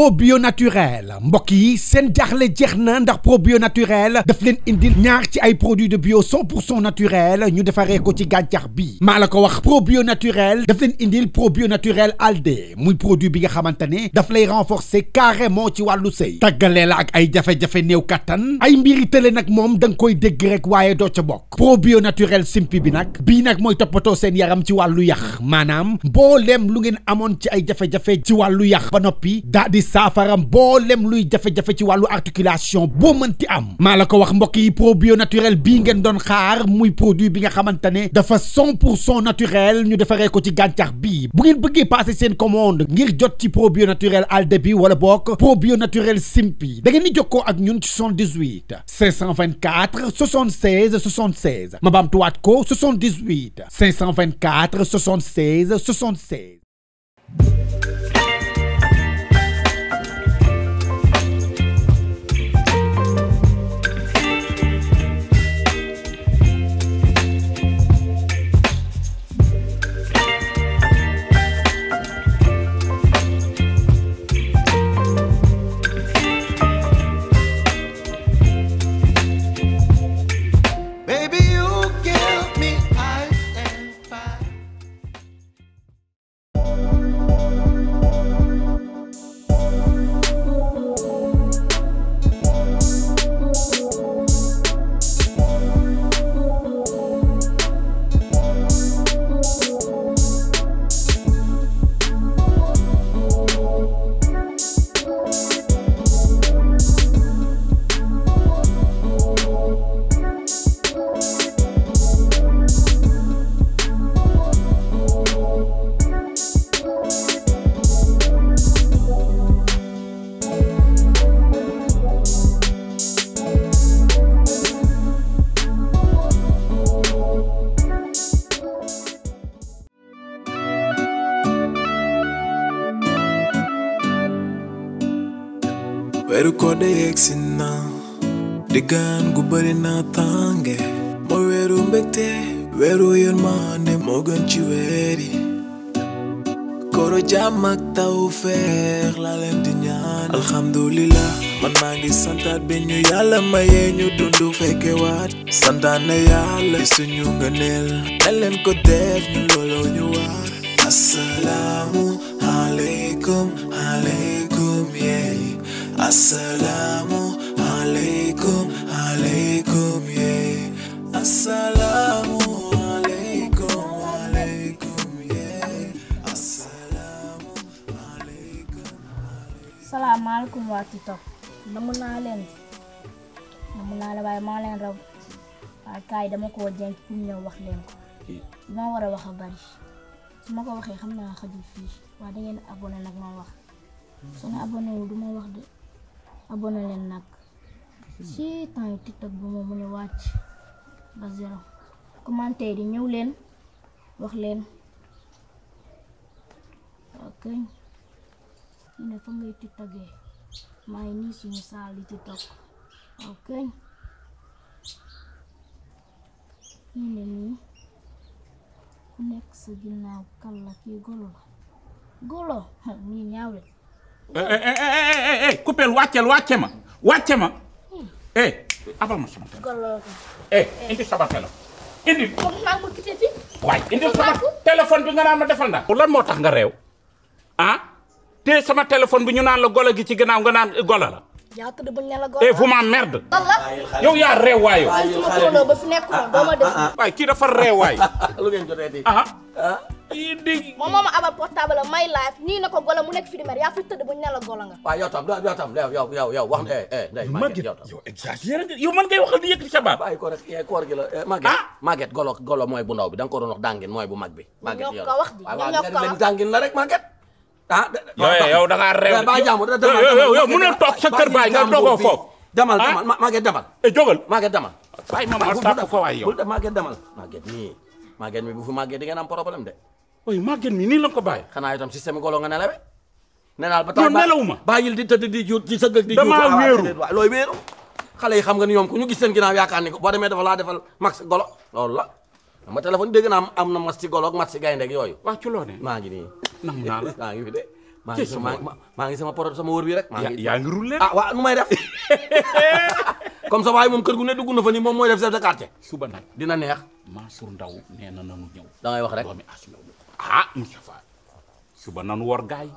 probio naturel Mboki sen seen jaaxle ndax probio naturel daf leen indil ñaar ci ay produits de bio 100 naturel ñu defaree ko ci gàncax bi wax probio naturel daf leen indil probio naturel alde muy produit bi nga xamantane daf lay renforcer carrément ci walu sey tagalé la ak ay jafé jafé new katan ay mbiri télé nak mom dang koy dégg rek probio naturel simpi bi nak bi nak moy topato sen yaram ci wàllu yax bo lem lu ngeen amone ci ay ci saafara mboolem luy jafé jafé ci walu articulation boo mënti am maa ko wax mbok yi probio naturel bi ngeen don xaar muy produit bi nga xamantane dafa 100 naturelle, nous naturel ñu defaree ko ci gàncax bi bu ngeen bëggé passer seen commande ngir jot ci probio naturel al bi wala bok probio naturel simpi da ngeen di jokkoo ak ñun ci 78 524 76 76 ma baamtuwaat ko 78 524 76 76 weeru kode de yegsi na mau gu bari na tange Mo weru mbégte Weru yon mane mo gan chi weri koro jamak ak taw la len di ñaan Alhamdulillah man mangi ngi santaat bi ñu maye nyu dundu feke wat waat santaat na ko def nyu lolo nyu Assalamu alaikum alaikum Assalamu alaikum alaikum ye yeah. Assalamu alaikum alaikum ye yeah. Assalamu alaikum Assalamu alaikum wa tito namu na len namu na la bay ma len raw waaye kaay dama ko jeng ci ñu wax len ko ma wara wax bari su mako waxe xamna xam fi wa da ngeen abonné nak ma wax suñu abonné wu wax de abonnez len nak si temps yu tiktok bi moom mu ngi wàcc ba zéro commentaire yi ñëw leen wax leen ok ñu ne fa ngay tiktokee maa ngi nii suñu saal di tiktok ok ñu ne nii ku nekk sa ginnaaw kan la golo golo ñii ñaaw leen Ei, ei, ei, ei, le watch, ma. o WhatsApp, o WhatsApp Ei, sama téléphone. Ei, Ei, sama téléphone. Ei, Moom naa ma quitté fii. waay indi sama téléphone bi nga naan ma defal naa. lan moo tax nga réew. ah te sama téléphone bi ñu naan la golo gi ci gannaaw nga naan golo la. yaa tudd bu ñu la Ei, eh vous m'emmerde. yow yaa réew waay yow. ba fi nekk doo ma def. waay kii dafa réew waay. ah. dégg moom moo ma abal portable golo mu nekk fi di mer yaa fi tëdd bu ñu ne la wax na Maguette yow exagéré nga man ngay waxal sa baat bàyyi ko rek yee koor gi golo mooy bu ndaw bi da nga ko doon wax dàngin mooy bu mag bi Maguette yow wax di leen dàngin la rek Maguette ah yow da ngaa réew ba jàmm yow mën na toog sa kër baay nga dogoo foofu demal demal Maguette demal e jógal Maguette demal bàyyi ma ma tàpp ko waay yow Maguette demal Maguette nii Maguette mi bu fi Maguette di ngeen am problème de oy màgget mi nii la ko bàyyi. xanaa itam système golo nga nelawe. nee ba taw di tëdd di juut di sëgg di juut. damaa wéeru waaw looy wéeru. xale yi xam nga ni ñoom ku ñu gis seen ginnaaw yaakaar ni ko ma téléphone dégg am na mas ci golo ak mas ci gaynde ak yooyu. waa ci loo ne ngi nam naa la maa ngi fi ngi sama maa sama poro sama wër bi rek. ma ngi yaa ngi ah waaw nu may def comme ça waaye moom kër gu ne dugg na fa nii def chef rek ah Moustapha suba nan wor gaay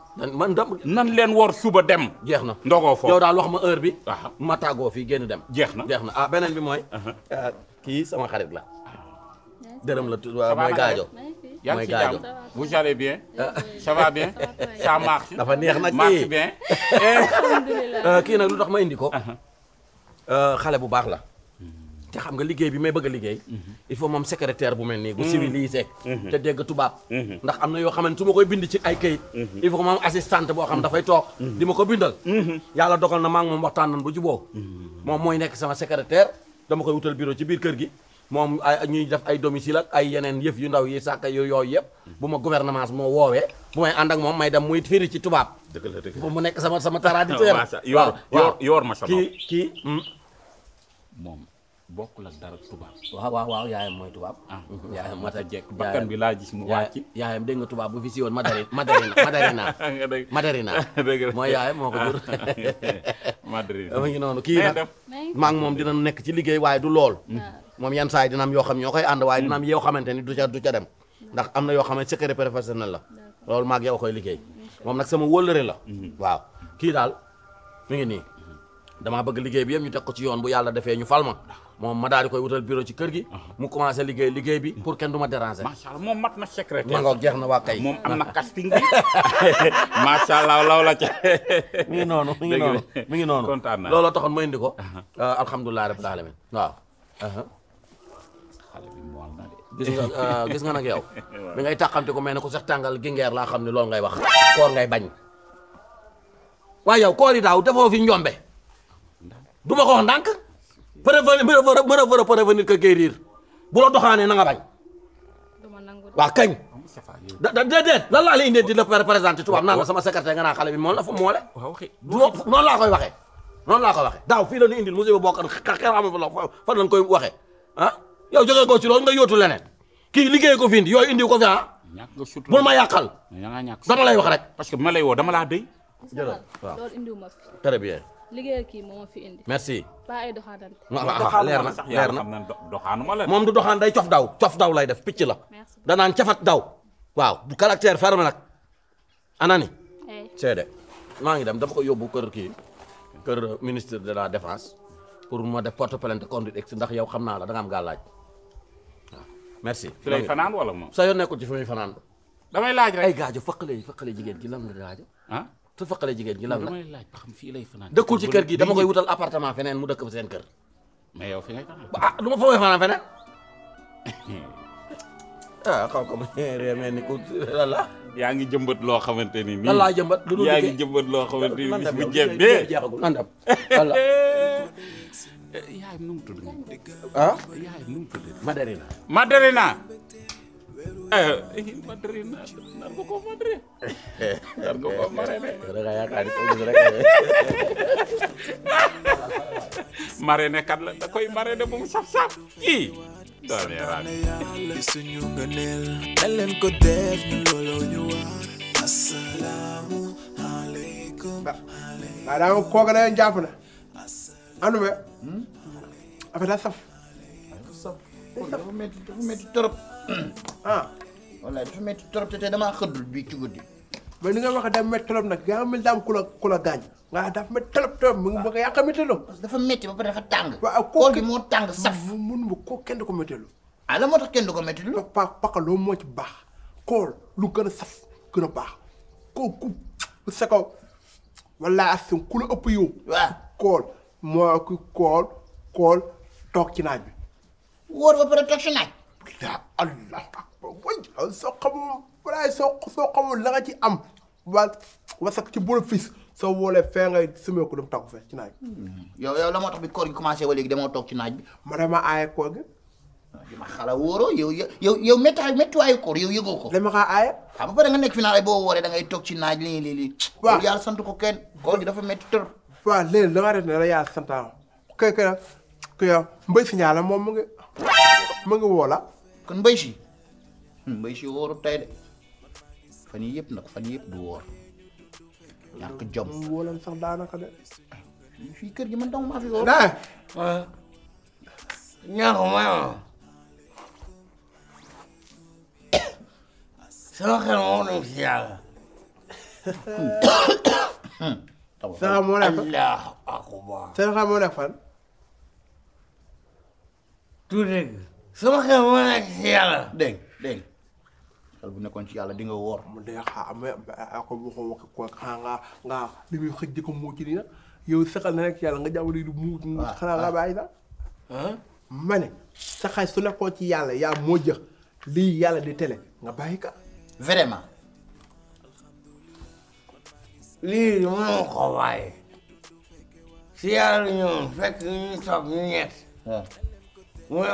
nan leen wor suba dem. jeex na ndogoo foofu yow daal wax ma heure bi. waaw ah. ma tàggoo fii génn dem. jeex na jeex na ah beneen bi mooy. Uh-huh. Ah, kii sama xarit la. Ah. dërëm la tudd waaw mooy gaajo. mooy gaajo bu allez bien. ça va bien ça dafa neex nag marche bien. Euh, kii nag lu tax ma indi ko. Uh-huh. Euh, xale bu baax la. te xam nga liggéey bi may bëgg liggéey mhm. il faut moom secrétaire bu mel nii bu mhm. civilisé mhm. te dégg tubaab ndax am na yoo xamante su ma koy bind ci ay kayit il faut moom assistante boo xam dafay toog di ma ko bindal yàlla dogal na maa ngi moom waxtaan nan bu juboo moom mooy nekk sama secrétaire dama koy wutal bureau ci biir kër gi moom ñuy def ay domicile ak ay yeneen yëf yu ndaw yi sàkk yu yooyu yëpp bu ma gouvernement moo woowee bu may ànd ak moom may dem muy ci tubaab dëgg la mu nekk sama sama traditeur waaw yor ma sama kii kii hmm. moom bokkul la dara tubaab. waaw waaw waaw yaayam mooy tubaab. Ah. yaayam mata jekk bakkan bi laa gis mu wàcc. yaayam dégg nga tubaab bu fi si woon madari madarina madarina. madarina mooy yaayam moo ko jur. madarina mu ngi noonu kii maa moom dina nekk ci liggéey waaye du lool. Hmm. moom yan saa yi dina yoo xam ñoo koy ànd waaye hmm. dina am yoo xamante ni du ca du ca dem. ndax am na yoo xam ne secret professionnel la. loolu maag yow koy liggéey. moom nag sama wëllëre la. Hmm. waaw kii daal mi ngi nii. damaa bëgg liggéey bi yëpp ñu teg ko yoon bu yàlla defee ñu fal moom ma daal di koy wutal bureau ci kër gi. Ah. mu commencé liggéey liggéey bi pour kenn du ma déranger. macha allah moom mat na secrétaire. ma ngoog jeex na waa kay. moom am na casting bi. macha allah law la ca. mi ngi noonu mi ngi noonu mi ngi noonu. kontaan naa looloo taxoon ma indi ko. Euh, alhamdulilah rabbil alamin waaw. xale bi mu wàll na de. gis nga euh, gis nga nag yow. mi ngay tàqante ko mel ne ku sax tàngal gingeer laa xam ne loolu ngay wax. koor ngay bañ. waaye yow koor yi daaw dafoo fi njombe. du ma ko wax ndànk. prévenir mieux vaut prévenir que guérir bu la doxaanee na nga bañ. waaw kañ. Ah, da da déedéet lan laa lay indee di la présenté tubaab naan la sama secrétaire nga naa xale bi moom la fa moole. waaw noonu laa koy waxee. noonu laa koy waxee daaw fii la ñuy indil musiba bokkan xeexam fan lañ koy waxee ah yow jógee ko ci loolu nga yootu leneen kii liggéey ko fi indi yooyu ko fi ah. ñàkk nga surtout bul ma yàqal. dama lay wax rek. parce que ma lay woo dama laa dëy. jërëjëf waaw loolu indiwuma fi. très bien. liggéey kii moo fi indi. merci. ba ay doxaanante. leer na leer na moom du doxaan day cof daw cof daw lay def picc la. danaan cafat daw. waaw bu caractère ferme nag. anani. seede maa ngi dem dafa ko yóbbu kër kii kër ministre de la défense pour ma def porte plainte conduite ex ndax yow xam naa la da nga laaj gàllaaj waaw merci. fi lay wala moom. sa yoon nekkul ci fi muy fanaan. damay laaj rek ay gaajo faqale faqale jigéen gi la gaajo sa faqale jigen gi lan la damay laaj ba xam fii lay fanaan dëkkul ci kër gi dama koy wutal appartement fenen mu dekk dëkk sen kër mais yow fi ngay fanaan ah lu fa way fanan fenen ah xaw ko ma réer mel ni ku lan la yaa ngi jëmbat loo xamante ni la lan laa jëmbat lu dul yaa ngi jëmbat loo xamante ni bu jébé dee jeexagul wala yaay num mu tudd ah yaay num mu tudd Madarina Madarina Madrid na nar ko ko Madrid. nar ko ko marraine. dara yaakaar ni rek. marraine kat la da koy marraine bu mu saf saf kii. doole raadu. suñu ngëneel. da leen ko def loolu ñu war. asalaamu aleykum. waaw daa nga kooka da leen jàpp na. andu be. affaire daa saf. saf dafa métti dafa métti trop. ah. waa dafa métti trop te damaa xëddul bii ci guddi. mais ni nga wax dafa métti nag yaa ngi daam ku la ku la gaañ. waaw dafa métti trop trop mu ngi bëgg a yàq métélo. dafa métti ba dafa tàng. waaw kooku moo tàng saf. mun ma kooku kenn ko métélo. ah la moo tax ko métélo. pa paka loolu moo ci baax. kool lu gën a bu sa kaw. wala asin ku la ëpp yow. waaw kool moo ku kool kool toog ci naaj bi. wóor ba pare toog ci naaj. yaa allah. waaw soo xamul walaay soo soo xamul la nga ci am wa wasak ci bénéfice soo woolee fee ngay sumee ko dem tàggu fee ci naaj yow yow la moo tax bi koor gi commencé ba léegi demoo toog ci naaj bi ma dama aaye koor gi ah, dama xala wóoroo yow yow yow métti méttiwaayu koor yow yëgoo ko dama xaa aaye waaw ba pare nga nekk fi naa boo wooree da ngay toog ci naaj lii lii lii waaw yàlla sant ko kenn koor gi dafa métti tër waaw léegi la nga def ne la yàlla santaa kay kay kay mbay si ñaala moom mu ngi mu ngi woola kon mbay si mbay hmm, si wóorut tey de fan yii yëpp nag fan yii yëpp du wóor ñàkk hmm, jom. wóolam sax daanaka de. fii kër gi man dong maa fi wóor. daa ñàkk may ma. sama xel moo doon si yàlla. Hmm. Sera moo nekk fan Allahu akbar. Sera moo nekk fan. tuuti sama dal bu nekkoon ci yàlla di nga woor mu de xaame ah, ah, ko waxoo ko xaa nga nga li muy xëj ko nii na yow saxal na rek yàlla nga jàpp di mu xanaa nga bàyyi la su nekkoon ci yàlla yaa moo jëx lii yàlla di tele nga bàyyi ka vraiment lii mënoo ko waaye si yàlla ñoom fekk ñu sob ñu ñett mu ne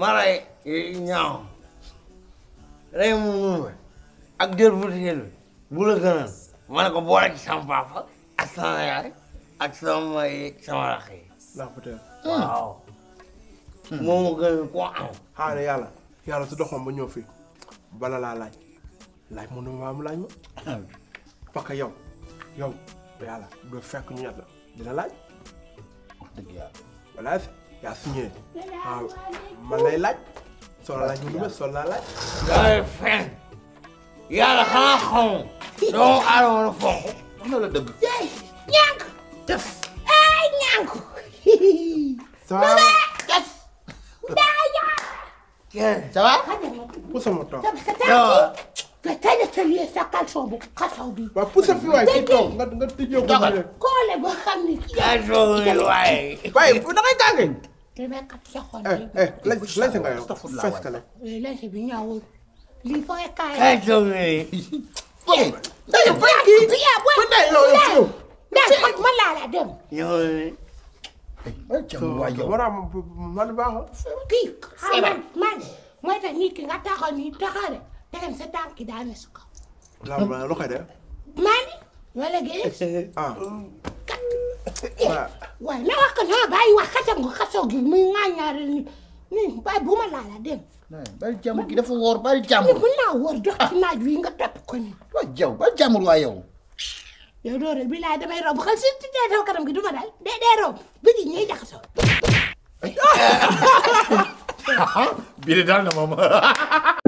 ma rey eh, ñaaw rey mu muuma ak jël butéel bi bu la gënal ma ko boole ci sama papa ak sama yaay ak sama sama rakk yi. waaw. Hmm. moom moo gën koo am. xaaral yàlla yàlla su doxoon ba ñëw fii bala laa laaj laaj mu ne ma am laaj ma parce que yow yow yàlla doo fekk ñu ñett dina laaj. dëgg yaa suñu yéen man lay laaj. solal laaj ma Ça va? laaj. yaa fen un xanaa xamoo. doo aar Ça va? na la dëgg. yey ñànk. il ay ñànk. ça va. ça va. pousse Ça va? nga tëj sa ça, sa caleçon bu Ça va? pousse fi waay fi Ça va? nga tijjee ko. dogal koole boo xam ne. Ça va? تما قتلخون لازم لازم فاسكلا لازم يناول لي فايكا هاجوني لا يا بيكي يا بيكي لا لا لا قلت ما لا لا دم ورا مال باه كيك سيبان مان ما تنيك غتا خني تخار تكن ستان كده انا سكا لا ما روح ده ماني ولا جيش اه waaye na wax ko naa bàyyi wax xasam nga xasoo gi muy ŋaañaareel ni nii bàyyi bu a laala dem. bari jàmbur gi dafa woor bari jàmbur. mën naa woor dox ci naaj wi nga topp ko nii. waaw jaw bari jàmbur waa yow. yow dooreel bi gi du ma dal dee dee romb bi di ñëw jaxasoo. bii de daal na moom.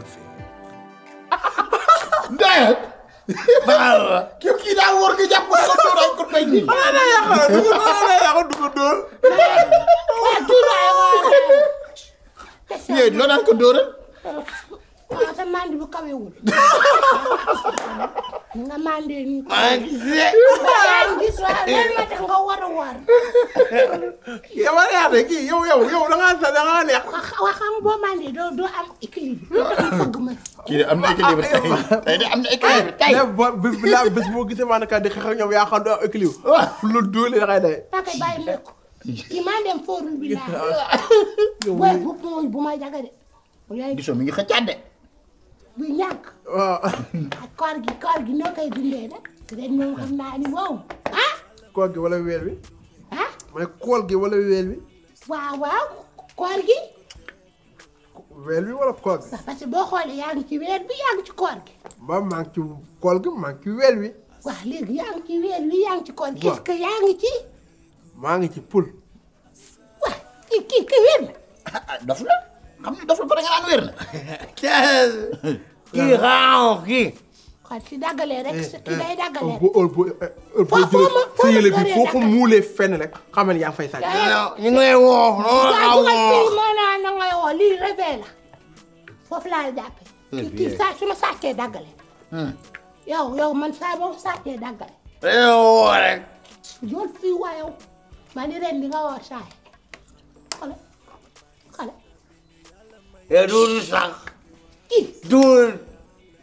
waaw waaw. kii kii daa wóor nga jàpp ko doon ko tey jii. xanaa daa yàq la dugub xanaa daa yàq dugub dóor. waaw kii daa yàq. yooyu loo daan ko dóoral. Ngamandi bukawewul. Ngamandi ni. Maa ngi gis. Maa ngi gis waaw lan ma tax nga war a war. yow a yaa de kii yow yow yow da ngaa sa da ngaa neex. wax xam boo mandi doo doo am équilibre. lu tax nga fëgg ma. kii de am na équilibre tey tey de am na équilibre tey. mais boo bi la bés boo gisee maanaam di xeex ak ñoom yaa xam doo am équilibre. waaw lu duule da ngay day. maa koy bàyyi mbéy ko. kii maa dem fóorul bi laa. booy bu ma jaga de. gisoo mi ngi xëccaat de. bu ñàkk. waaw. koor gi koor gi noo koy dundee nag. ren wow. ah. koor gi wala weer wi. ah mooy koor gi wala weer wi. waaw waaw koor gi. weer wala koor gi. parce que boo xoolee yaa ngi ci weer bi yaa ci koor gi. ba maa ngi ci koor gi ci weer wi. waaw léegi yaa ci weer wi yaa ngi ci koor gi. est-ce ngi ci. maa ngi ci pul. waaw kii kii kii weer xam ne doful ba da nga naan wér na. kii xaaw kii. waaw ci dàggalee rek kii day dàggalee. foofu bi foo ko muulee fenn rek xamal yaa ngi fay sàcc. ñu ngi lay woo. waaw maanaam na ngay woo lii réveil la foofu laa jàppe. kii saa su ma sàccee dàggale. yow yow man saa boo sàccee dàggale. yow woo rek. yow fii waa yow. ma ni ren di nga woo saa Ya rusak. Dur.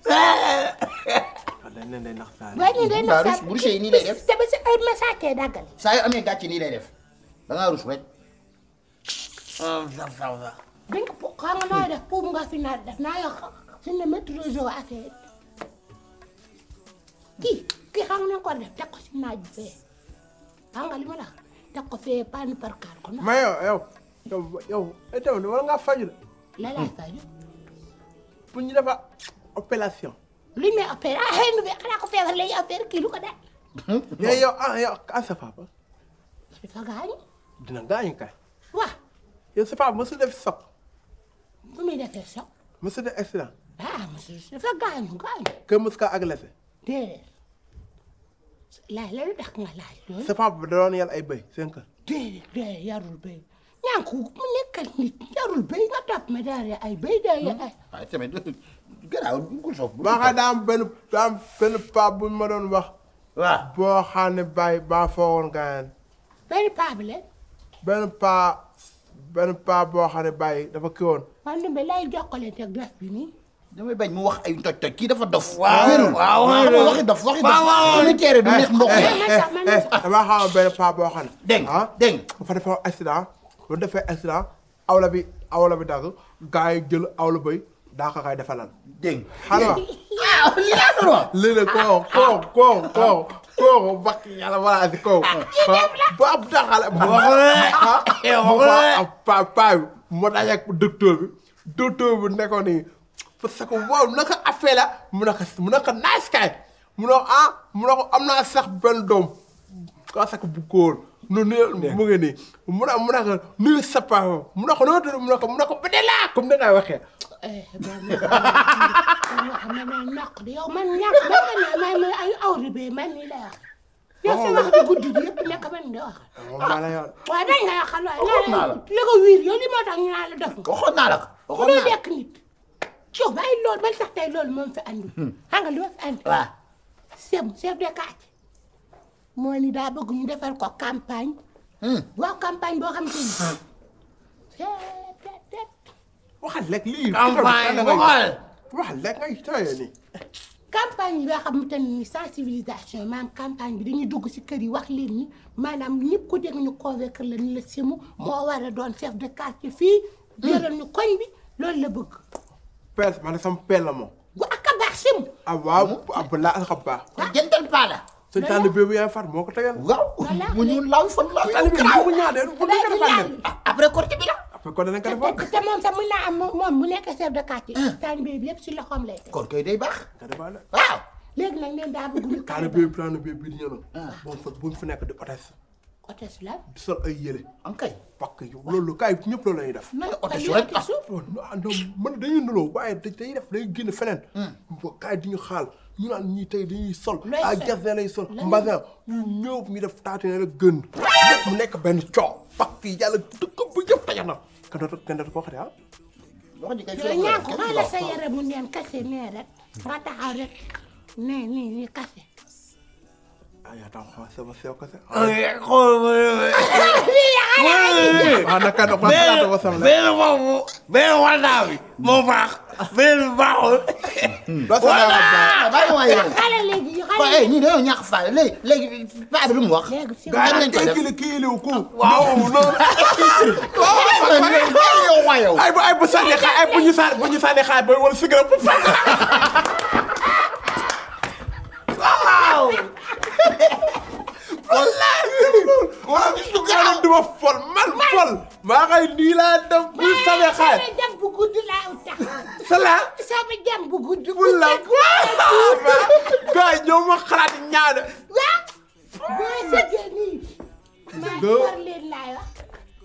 Waɗannan dai nakta. Wannan dai nakta. Barus burshe ni da def. Tabbas ai masake dagal. Sai ame gaci ni da def. Dan arus wet. Um zaf zaf zaf. Denk po kan na da po mga finar da na ya. Sinne metro zo afe. yo. Yo yo. Eh, Ito wala la laa faju pour ñu defa opération lu ne opéré ah xëy na xanaa ko feebar lay opéré kii lu ko dal mais yow ah yow ah sa papa dafa gaañu dina gaañu kay waaw yow sa papa mosul def soq bu muy defee soq mosul def accident ah mosul dafa gaañu gaañu kër mos kaa agressé déedéet laaj la lu tax nga laaj loolu sa papa da doon yar ay bëy seen kër déedéet déedéet yarul bëy yaa ngi ko mu nekkal nit jarul béy nga topp ma daal ay béy daal ay. waaw tamit gannaaw bu ko soog. maa xam daa am benn daa am benn paa bu ma doon wax. waaw boo xam ne bàyyi baa foogoon gaañal. benn paa bi la. benn paa benn paa boo xam ne bàyyi dafa kii woon. man de lay jokkalante ak dof bi nii. damay bañ mu wax ay toj toj kii dafa dof. waaw waaw waaw waxi dof waxi dof. waaw waaw lu teere du neex mbokk. damaa eh, eh, xamoon benn paa boo xam ne. dégg nga ah? dégg nga. dafa defoon accident. lu defee accident awla bi awla bi daal gars yi jël awla bay daa ko kay defalal. dégg nga xanaa léegi koo koo koo koo koo bakk yàlla wala koo. Ah, ba bu taxale. ba paa bi moo daje ak docteur bi docteur bi nekkoon nii parce que waaw naka affaire la mu naka mu naka naaj kay mu ne ah mu ne am naa sax benn doom parce que bu góor. mu ngi nii mu na mu na ko nuyu sa papa mu na ko noo tudd mu na ko mu na ko ba de laa comme da ngaa waxee. man ñàkk bi yow man ñàkk ba nga ne ay awri be man nii lay wax. yow sa wax bi guddi gi yëpp nekk man de wax. waaw waaw dañ nga yaxal waaye. waxoon naa la li ko wiir yow li moo tax ñu naa la def. waxoon naa la ko waxoon naa la lekk nit. coow ba ay loolu man sax tey loolu moom fi andi. xam nga lu ma fi andi. waaw. chef chef de quartier. mooy ni daa bëgg ñu defal ko campagne. waaw campagne boo xam te ni. waxal rek lii. campagne waxal. waxal rek ngay tooyee nii. campagne boo xamante ni sensibilisation maanaam campagne bi dañuy dugg si kër yi wax leen ni maanaam ñëpp ku dégg ñu convaincre la ni la Sémou moo war a doon chef de quartier fii. jëlal ñu koñ bi loolu la bëgg. pees ma ne sama peel la moom. bu ah waaw ab laa ak a la. sëñ Talla Bébé yaay Fatou moo ko tegal. waaw mu ñuul laaw fan laaw. yow garaaw mu ñaadeel bu ñu après corte bi la. après corte danañ ko defoon. te te moom sax mën naa am moom bu nekk chef de quartier. Ah. Talla Bébé yëpp si loxoom lay teg. kon kay day baax. waaw. léegi nag leen daa bëgg. Talla Bébé Talla Bébé di ñëw nag. Ah. bu mu fa bu mu fi nekk di hôtesse. hôtesse la. di sol ay yére. am kay. pakk yi loolu kaay ñëpp loolu la ñuy def. nan hôtesse rek ah non man dañuy nuloo waaye dañuy def dañuy génn feneen. Hmm. kaay di ñu xaal ñu naan ñii tey dañuy sol. e jafe lay sol mbasin ñu ñëw ñu def taatine rek gën. mu nekk benn coow. parce que yàlla dëkk bu yëpp tajax na. kan dootu kan dootu ko waxatee ah. wax dëgg yàlla yow mu neen kese nee rek. nga taxaw rek nee nii nii kese. ah yaa tax sama sew kese. ah yaa xool ma waaw ah, naka ndox benn benn boobu benn waldaa bi moo baax benn bi baaxul. Hmm. voilà bàyyi waay yow. xale léegi xale yi eh, ñii dañoo ñàkk faale léegi léegi paa bi lu mu wax. léegi si ah, waaw dañ ko def waaw loolu. ay bu ay bu sànni xaar ay bu ñu sànni xaar ba wala si gërëm duma fol mal fol maa ngay nii laa def bu sama xaar sama jam bu laa utax sala sama jam bu gudd bu la ah, gaay ñoo ma xalaat ñaan waaw boo sëggee nii maa war leen laay wax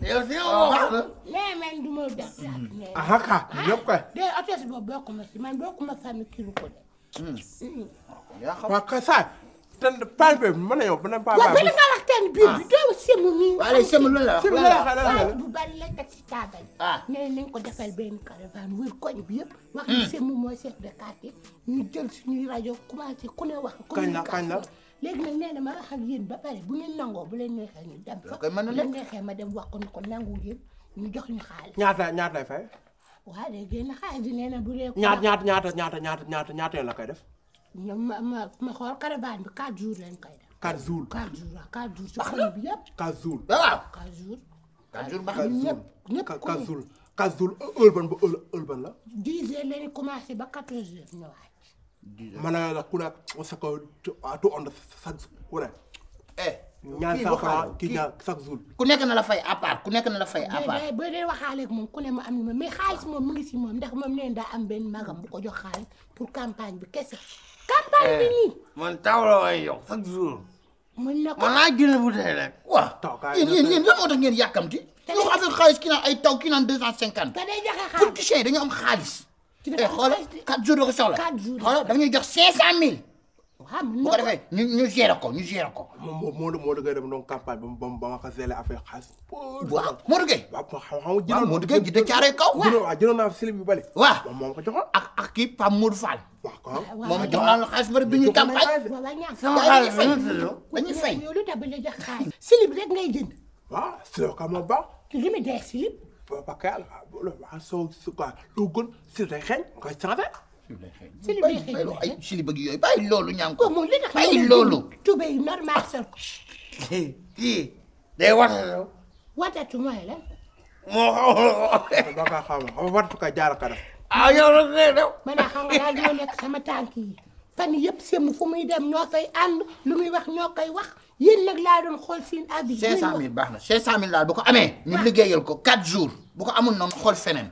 yow si yow ah. wax na hmm. ah, ka hmm. Hmm. saa ten paa bi ma ne yow ma ne paa bi. waaw bëri nga wax ten biir bi ah. doo semu nii. waaw léegi semu loolu la wax loolu la wax waaw bu bari la teg si taabal. waaw ah. nee nañ ko defal benn caravane wër koñ bi yëpp. Hmm. wax ni semu mooy chef de quartier ñu jël suñuy rajo commencé ku ne wax. kañ la kañ la léegi nag nee na ma wax ak yéen ba pare bu ngeen nangoo bu leen neexee ñu dem fa. bu leen neexee ma dem wax ko ni ko nangu yéen ñu jox ñu xaalis. ñaata ñaata fay. waaw léegi nag xaalis bi nee na bu dee. ñaata ñaata ñaata ñaata ñaata ñaata la koy def ñoom ma ma ma xool caravane bi quatre jours lañ koy def. quatre jours quatre jours waaw quatre jours. ci xol bi yëpp quatre jours. Ah, waaw quatre jours. quatre jours baax na ñëpp euh, la. dix heures commencé ba quatorze heures ñu wàcc. dix ku ah, sa kaw à on chaque jour. eh ñaar saa xanaa kii ñaar ku nekk na la fay à ku nekk na la fay à part. boo dee waxaaleeg moom ku ne ma am na moom mais xaalis moom mu ngi si moom ndax moom nee daa am benn magam bu ko jox xaalis pour campagne bi kese. campagne eh, bi nii. man taw la waaye yow chaque jour. mën na ko mën naa jënd bu dee rek. waaw taw yàkkamti. te de ki naan ay taw ki naan deux cent cinquante. te day joxe xaalis politiciens yi dañu am xaalis. ci biir eh, xaalis xoolal quatre jours la ko soxla. quatre jours xoolal da nga ñuy jox bu ko defee ñu ñu gérer ko ñu gérer ko. moom Modou Modou Gueye dem doon campagne ba mu ba ma ko zélé affaire xaalis. waaw Modou Gueye. waaw xam xam jëloon Modou Gueye jënd caare kaw. waaw jëloon waaw jëloon naa film yu bëri. waaw moom moo ko joxoon. ak ak kii Pape Modou Fall. waaw waaw moom jox naa la xaalis bëri bi ñuy campagne. sama xaalis dañuy fay. yow lu tax ba la jox xaalis. slip rek ngay jënd. waaw slip ka ma baax. li mu dee slip. ba ba kayal waaw loolu waaw soo su quoi lu gën slip day xeeñ nga changé. si li bay xëy bëgg yooyu bàyyi loolu ñaan ko moom li tax bàyyi loolu tubéy normal sol ko kii day watatu watatu mooy la moo xaw na ka xaw jaar ka def ah yow la ngay def man a xam nga daal sama tànk yi fan yëpp sem fu muy dem ñoo fay ànd lu muy wax ñoo koy wax yéen nag laa doon xool seen avis cinq baax na cinq cent mille daal bu ko amee ñu liggéeyal ko quatre jours bu ko amul noonu xool feneen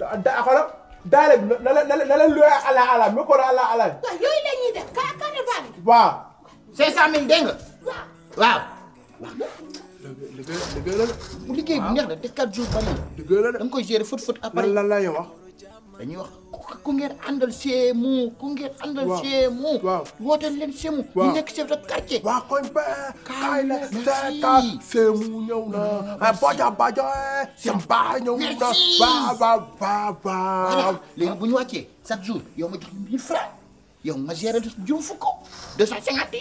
da daale bi na la na la luwee ala ala mi ko ala ala. waaw yooyu dañuy def ka caravane. waaw. 500000 bu liggéey bi neex na te 4 jours ba liggéey la da nga koy gérer fët fët après lan lan la ñu wax. dañuy wax ku ngeen àndal CMU ku ngeen àndal CMU waaw wooteel leen CMU ñu nekk chef de quartier waa koñ ba kaay la seetaan CMU ñëw na baja baja ba ñëw na ba ba ba ba léegi bu ñu wàccee chaque jour yow ma jox mille francs yow ma gérer juróom fukk deux cent cinquante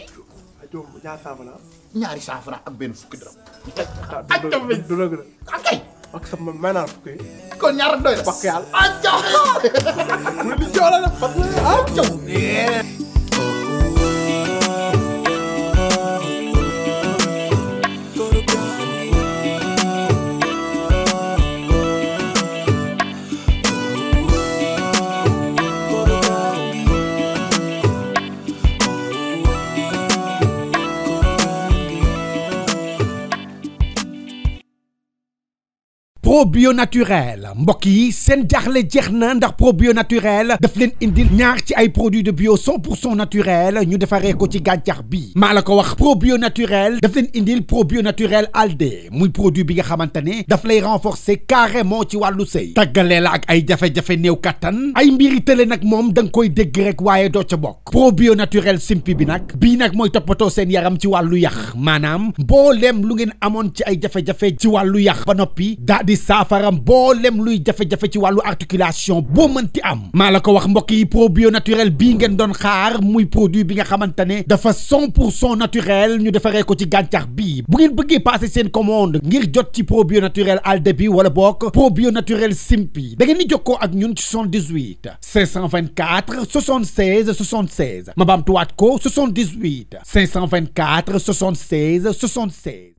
yi ñaari cent francs ak benn fukki dërëm ak tamit du la gën a ak sama maanaam fukki. kon ñaar doy na. wax yàlla ah Thiaw. wala li Thiaw la def parce que ah Thiaw. probio naturel mbokk yi seen jaaxle ndax probio naturel daf leen indil ñaar ci ay produits de bio 100 naturel ñu defaree ko ci gàncax bi mala ko wax probio naturel daf leen indil probio naturel alde muy produit bi nga xamantane daf lay renforcer carrément ci walu sëy tagalé la ak ay jafé jafé new katan ay mbiri télé nak mom dang koy dégg rek wayé probio naturel simpi bi nak bi nak moy topato sen yaram ci walu yax maanaam mbooleem lu ngeen amone ci ay jafé jafé ci walu ba saafara mboolem luy jafé jafé ci walu articulation boo ti am maa ko wax mbokk yi probio naturel bi ngeen don xaar muy produit bi nga xamantane dafa 100 naturel ñu defaree ko ci gàncax bi bu ngeen bëggé passer seen commande ngir jot ci probio naturel al bi wala bokk probio naturel simpi da ngeen di jokkoo ak ñun ci 78 524 76 76 ma baamtuwaat ko 78 524 76 76